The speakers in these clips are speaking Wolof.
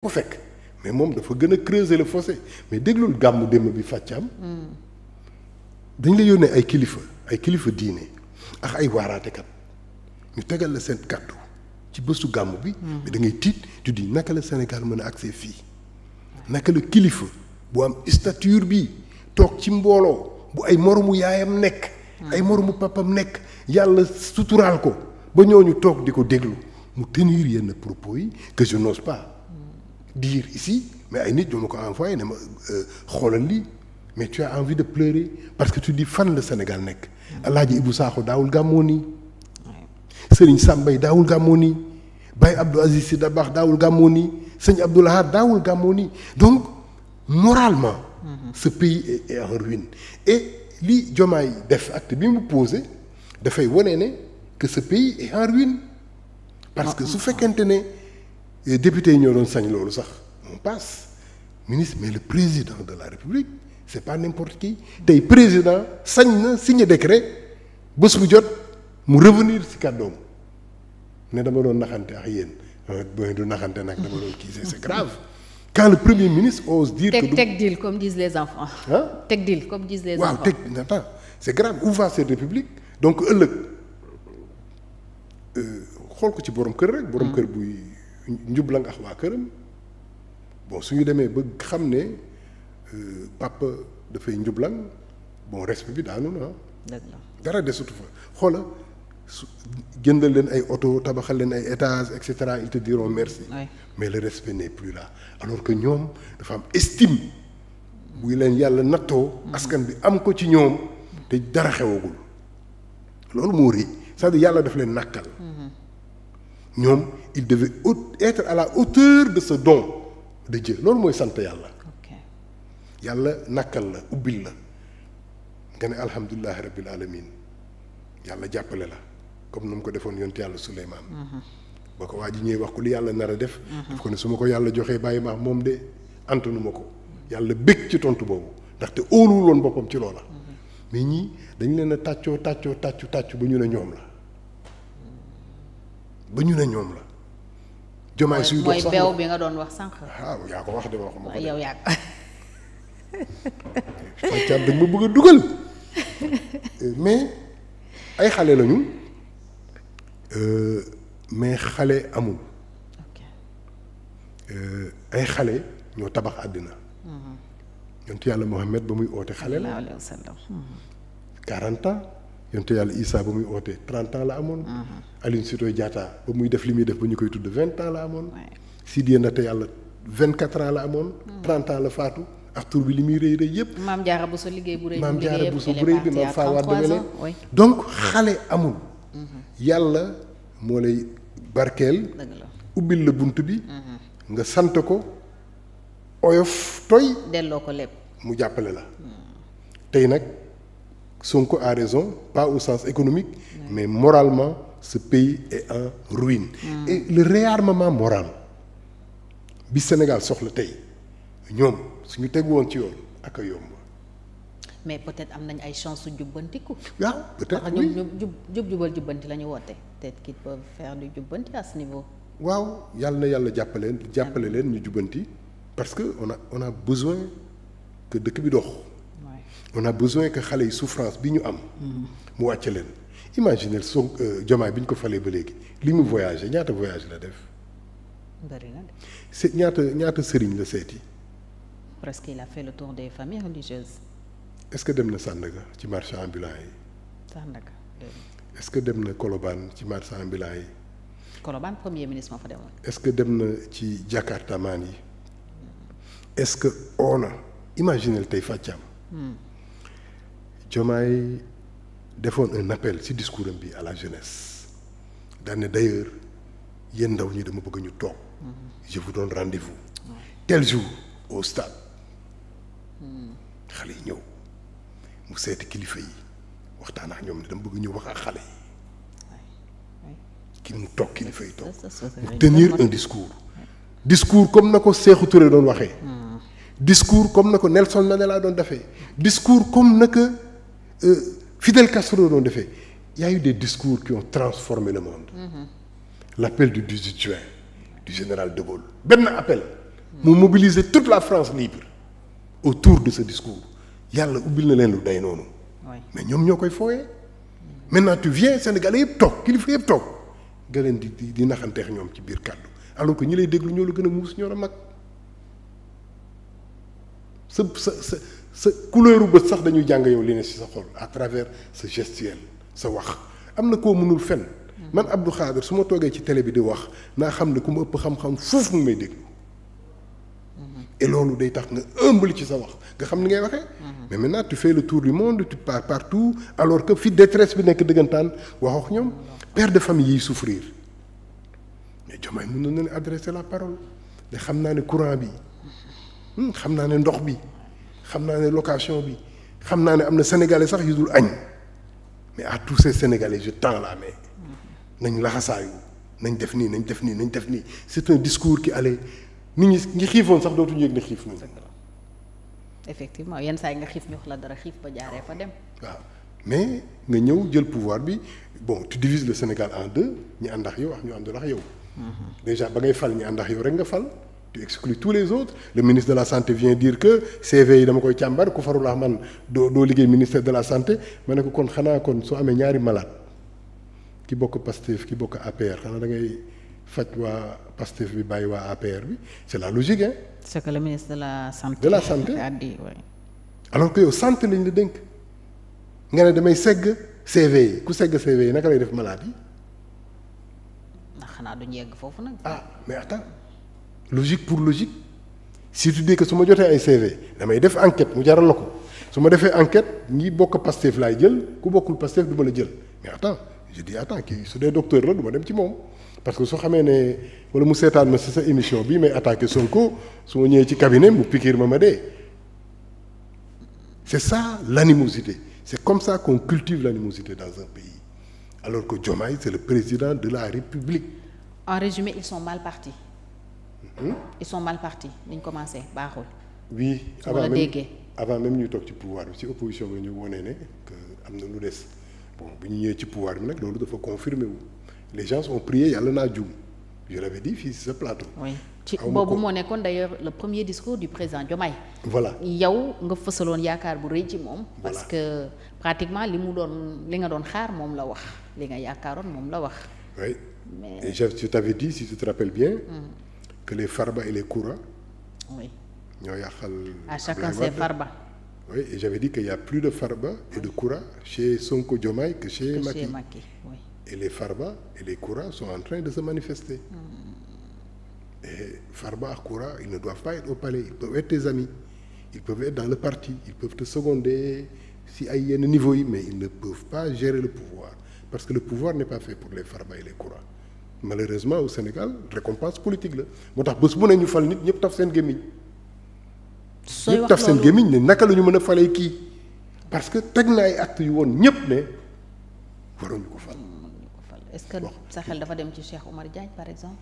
ko fekk mais moom dafa gën a creuser le fossé mais déglul gàmmu démb bi fàccaam hmm. dañ la yónnee ay kilifa ay kilifa diine ak ay waaraatekat ñu tegal la seen kàddu ci bësu gàmmu bi. Hmm. mais da tiit tu naka la Sénégal mën a accès fii naka la kilifa bu am stature bi toog ci mbooloo bu ay moromu yaayam nekk. Hmm. ay moromu papam nekk yàlla suturaal ko ba ñu toog di ko déglu mu tenir yenn propos yi que je n'ose pas. dire ici mais ay nit ñoo ma ko envoyé ne ma euh, xoolal lii mais tu envie de pleurer parce que tu dis fan la Sénégal nekk Alaaji Ibu Saaxo daawul gàmmoo nii Sëriñ Sàmbay daawul gàmmoo nii Baye Abdou Aziz Sy Dabakh daawul gàmmoo nii Sëñ Abdou Lahad daawul gàmmoo nii donc moralement mm-hmm. ce pays est en et li Diomaye def acte bi mu posé dafay wone ne que ce pays est en parce ah, que su ah, ah. fekkente ne et député yi ñoo doon sañ loolu sax on passe ministre mais le président de la république c'est pas n'importe qui tey président sañ na signé décret bés bu jot mu revenir ci kàddoom ne dama doon naxante ak yéen du euh, naxante nag dama doon kii c'est grave quand le premier ministre ose dire teg teg deal comme disent les enfants comme disent les enfants waaw teg attends c'est grave où va cette république donc ëllëg euh, xool ko ci borom kër rek borom mm. kër buy njubla nga waa bon su ñu demee ba xam ne euh, papa dafay njublan bon respect bi daanu na dara desutu fa xoola su jëndal leen ay oto tabaxal leen ay étages et cetera ils te diront merci oui. mais le respect n'est plus là alors que ñoom dafa am estime buy leen yàlla nattoo mm-hmm. askan bi am ko ci ñoom te dara xewagul loolu moo rëy cest à yàlla daf leen nàkkal mm-hmm. ñoom il devait être à la hauteur de ce don de Dieu loolu mooy sant yàlla yàlla nakkal la ubbil la nga ne alhamdulilahi rabbil alamin yàlla jàppale la comme nu mu ko defoon yonte yàlla Suleymaan mhm. ba ko waa ji ñëwee wax ko li yàlla nara def mhm. daf ko ne su ma ko yàlla joxee bàyyi maax moom de antanu ma ko yàlla bëgg ci tontu boobu ndaxte óoluwuloon boppam ci loola mhm. mais ñi dañ leen a tàccoo tàccoo tàccu tàccu ba ñu ne ñoom la ba ñu ne ñoom la. jomaay suy dox sax mooy beew bi nga doon wax sànq. Ah, waaw mu bëgg a dugal euh, mais ay xale lañu euh, mais xale amul. Euh, ay xale ñoo tabax àddina. Mm-hmm. yonent yàlla Muhammad ba muy oote xale la. 40 yonte yàlla Issa ba muy ootee trente la amoon. Mhm. Aline Sitoé Diatta ba muy def li muy def ba ñu koy tudd vingt ans la amoon. na Ndaté yàlla vingt quatre ans la amoon. Mhm. trente la faatu ak tur bi li muy rëy rëy yëpp. maam Diarra Bousso liggéey bu rëy bi maam Diarra Bousso bu rëy donc xale amul. Mhm. yàlla moo lay barkeel. ubbil la bunt bi. nga sant ko oyof toy. delloo ko lépp mu jàppale la. tey nag. Sonko a raison pas au sens économique mais moralement ce pays est en ruine mm. et le réarmement moral bi Sénégal soxla tey ñoom su ñu teg woon ci yoon ak a yomb mais peut-être am nañ ay chance su jubbantiku waaw peut-être oui ñoom jub jub jubal jubbanti la ñu woote peut-être qu'ils peuvent faire du jubbanti waaw yàlla na yàlla jàppale jàppale leen ñu jubbanti parce que on a on a besoin que dëkk bi dox on a besoin que xale yi souffrance bi ñu am. mu wàcce leen imaginer son jomaay euh, bi ñu ko falee ba léegi li mu voyagé ñaata voyage la def. ñaata ñaata sëriñ la seeti. presque il a fait le tour des familles religieuses. est-ce que dem na Sandaga ci marché ambulant yi. Sandaga est-ce que dem na Colobane ci marché ambulant yi. Colobane premier ministre moo fa demoon. est-ce que dem na ci Jakartamaan yi. est-ce que on a imaginez tey Fatiam. Diomaye defoon un appel ci discours am bi à la jeunesse daane d'ailleurs yéen ndaw ñi dama bëgg ñu toog je vous donne rendez jour au stade hmm. xale yi ñëw mu seeti kilifa yi waxtaan ak ñoom ne dama bëgg ñu wax ak xale yi ki mu toog kilifa yi toog mu tenir un discours discours comme na ko Sékou Touré doon waxee hmm. discours comme na ko Nelson Mandela doon defee hmm. discours comme na Euh, Fidel Castro doon defee y a eu des discours qui ont transformé le monde mmh. l'appel du 18 juin du général de Gaulle benn appel mu mobiliser toute la France libre autour de ce discours yàlla ubbil na leen lu day noonu mais ñoom ñoo koy fooyee maintenant tu viens Sénégalais yëpp toog kilifa yëpp toog nga leen di di naxanteex ñoom ci biir kàddu alors que ñi lay déglu ñoo la gën a muus ñoo la mag sa couleur bët sax dañuy jàng yow li ne ci sa xol à travers sa gestuel sa wax am na koo mënul fen man Abdou Khader su ma toogee ci télé bi di wax naa xam ne ku ma ëpp xam-xam foofu mu may dégg loolu day tax nga ëmbali ci sa wax nga xam ni ngay waxee. mais maintenant tu fais le tour du monde tu par partout alors que fi détresse bi nekk dëggantaan waxoo ak ñoom per de famille yiy souffrir mais Diomaye mën na leen adresser la parole te xam naa ne courant bi hmm, xam naa ne ndox bi. xam naa ne location bi xam naa ne am na sénégalais sax yu dul añ mais à tous ces sénégalais je tends la main nañ laxasaayu nañ def nii nañ def nii nañ def nii c'est un discours qui allait nit ñi ñi xiifoon sax dootuñu yëg ne xiif nañ. effectivement yenn saa yi nga xiif ñu la dara xiif ba jaaree fa dem. waaw mais nga ñëw jël pouvoir bi bon tu divises le Sénégal en deux ñi ànd ak yow ñu àndul ak yow. Mhm. déjà ba ngay fal ñu ànd ak yow rek nga fal. tu exclus tous les autres le ministre de la santé vient dire que CV yi dama koy càmbar ku farul man doo doo liggéey ministère de la santé ma ne ko kon xanaa kon soo amee ñaari malade ki bokk Pastef ki bokk APR xanaa da ngay faj waa Pastef bi bàyyi waa APR bi c'est la logique hein. c'est que le ministre de la santé. de la santé a dit oui. alors que yow santé lañ la dénk nga ne damay segg CV yi ku segg CV yi naka lay def malade yi. xanaa duñ yegg foofu nag. ah mais attends. logique pour logique surtout dès que su ma jotee ay CV damay def enquête mu jaral la ko su ma defee enquête ñi bokk Pastef laay jël ku bokkul Pastef du ma la jël mais attends je dis attends su dee docteur la du dem ci moom parce que soo xamee ne wala mu seetaan ma si sa émission bi mais attaque Sonko su ma ñëwee ci cabinet mu pikiir ma ma dee c'est ça l'animosité c'est comme ça qu'on cultive l'animosité dans un pays alors que Diomaye c'est le président de la République en résumé ils sont mal Hmm? ils sont mal partis ni ñu commencé baaxul. oui avant même ñu toog ci pouvoir bi ci opposition bi ñu wone ne que am na lu des bon bu ñu ñëwee ci pouvoir bi nag loolu dafa confirmé wu les gens ont yàlla naa juum je l'avais dit fii si ce plateau. oui ci boobu moo nekkoon d'ailleurs le premier discours du président Diomaye. voilà yow nga fësaloon yaakaar bu rëy ci moom. parce que pratiquement li mu doon li nga doon xaar moom la wax li nga yaakaaroon moom la wax. oui mais et je je t'avais si que les Farba et les Koura. j'avais dit qu'il y a plus de Farba et de Koura chez Sonko Diomaye que chez Macky. et les Farba et les Koura sont en train de se manifester. Mm. Farba ak Koura ils ne doivent pas être au palais ils peuvent être tes amis ils peuvent être dans le parti ils peuvent te seconder si ay niveau yi mais ils ne peuvent pas gérer le pouvoir parce que le pouvoir n'est pas fait pour les Farba et les Koura. malheureusement au Sénégal récompense politique la moo tax bés bu ne ñu fal nit ñëpp taf seen gémmiñ ñëpp taf seen gémmiñ ne naka la ñu mën a falee kii parce que teg na ay actes yu woon ñëpp ne waruñu ko fal est-ce que sa xel dafa dem ci Cheikh Omar Diagne par exemple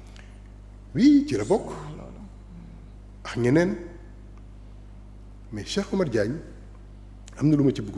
oui ci la bokk ah, ak ñeneen mais Cheikh Omar Diagne am na lu ma ci bëggoon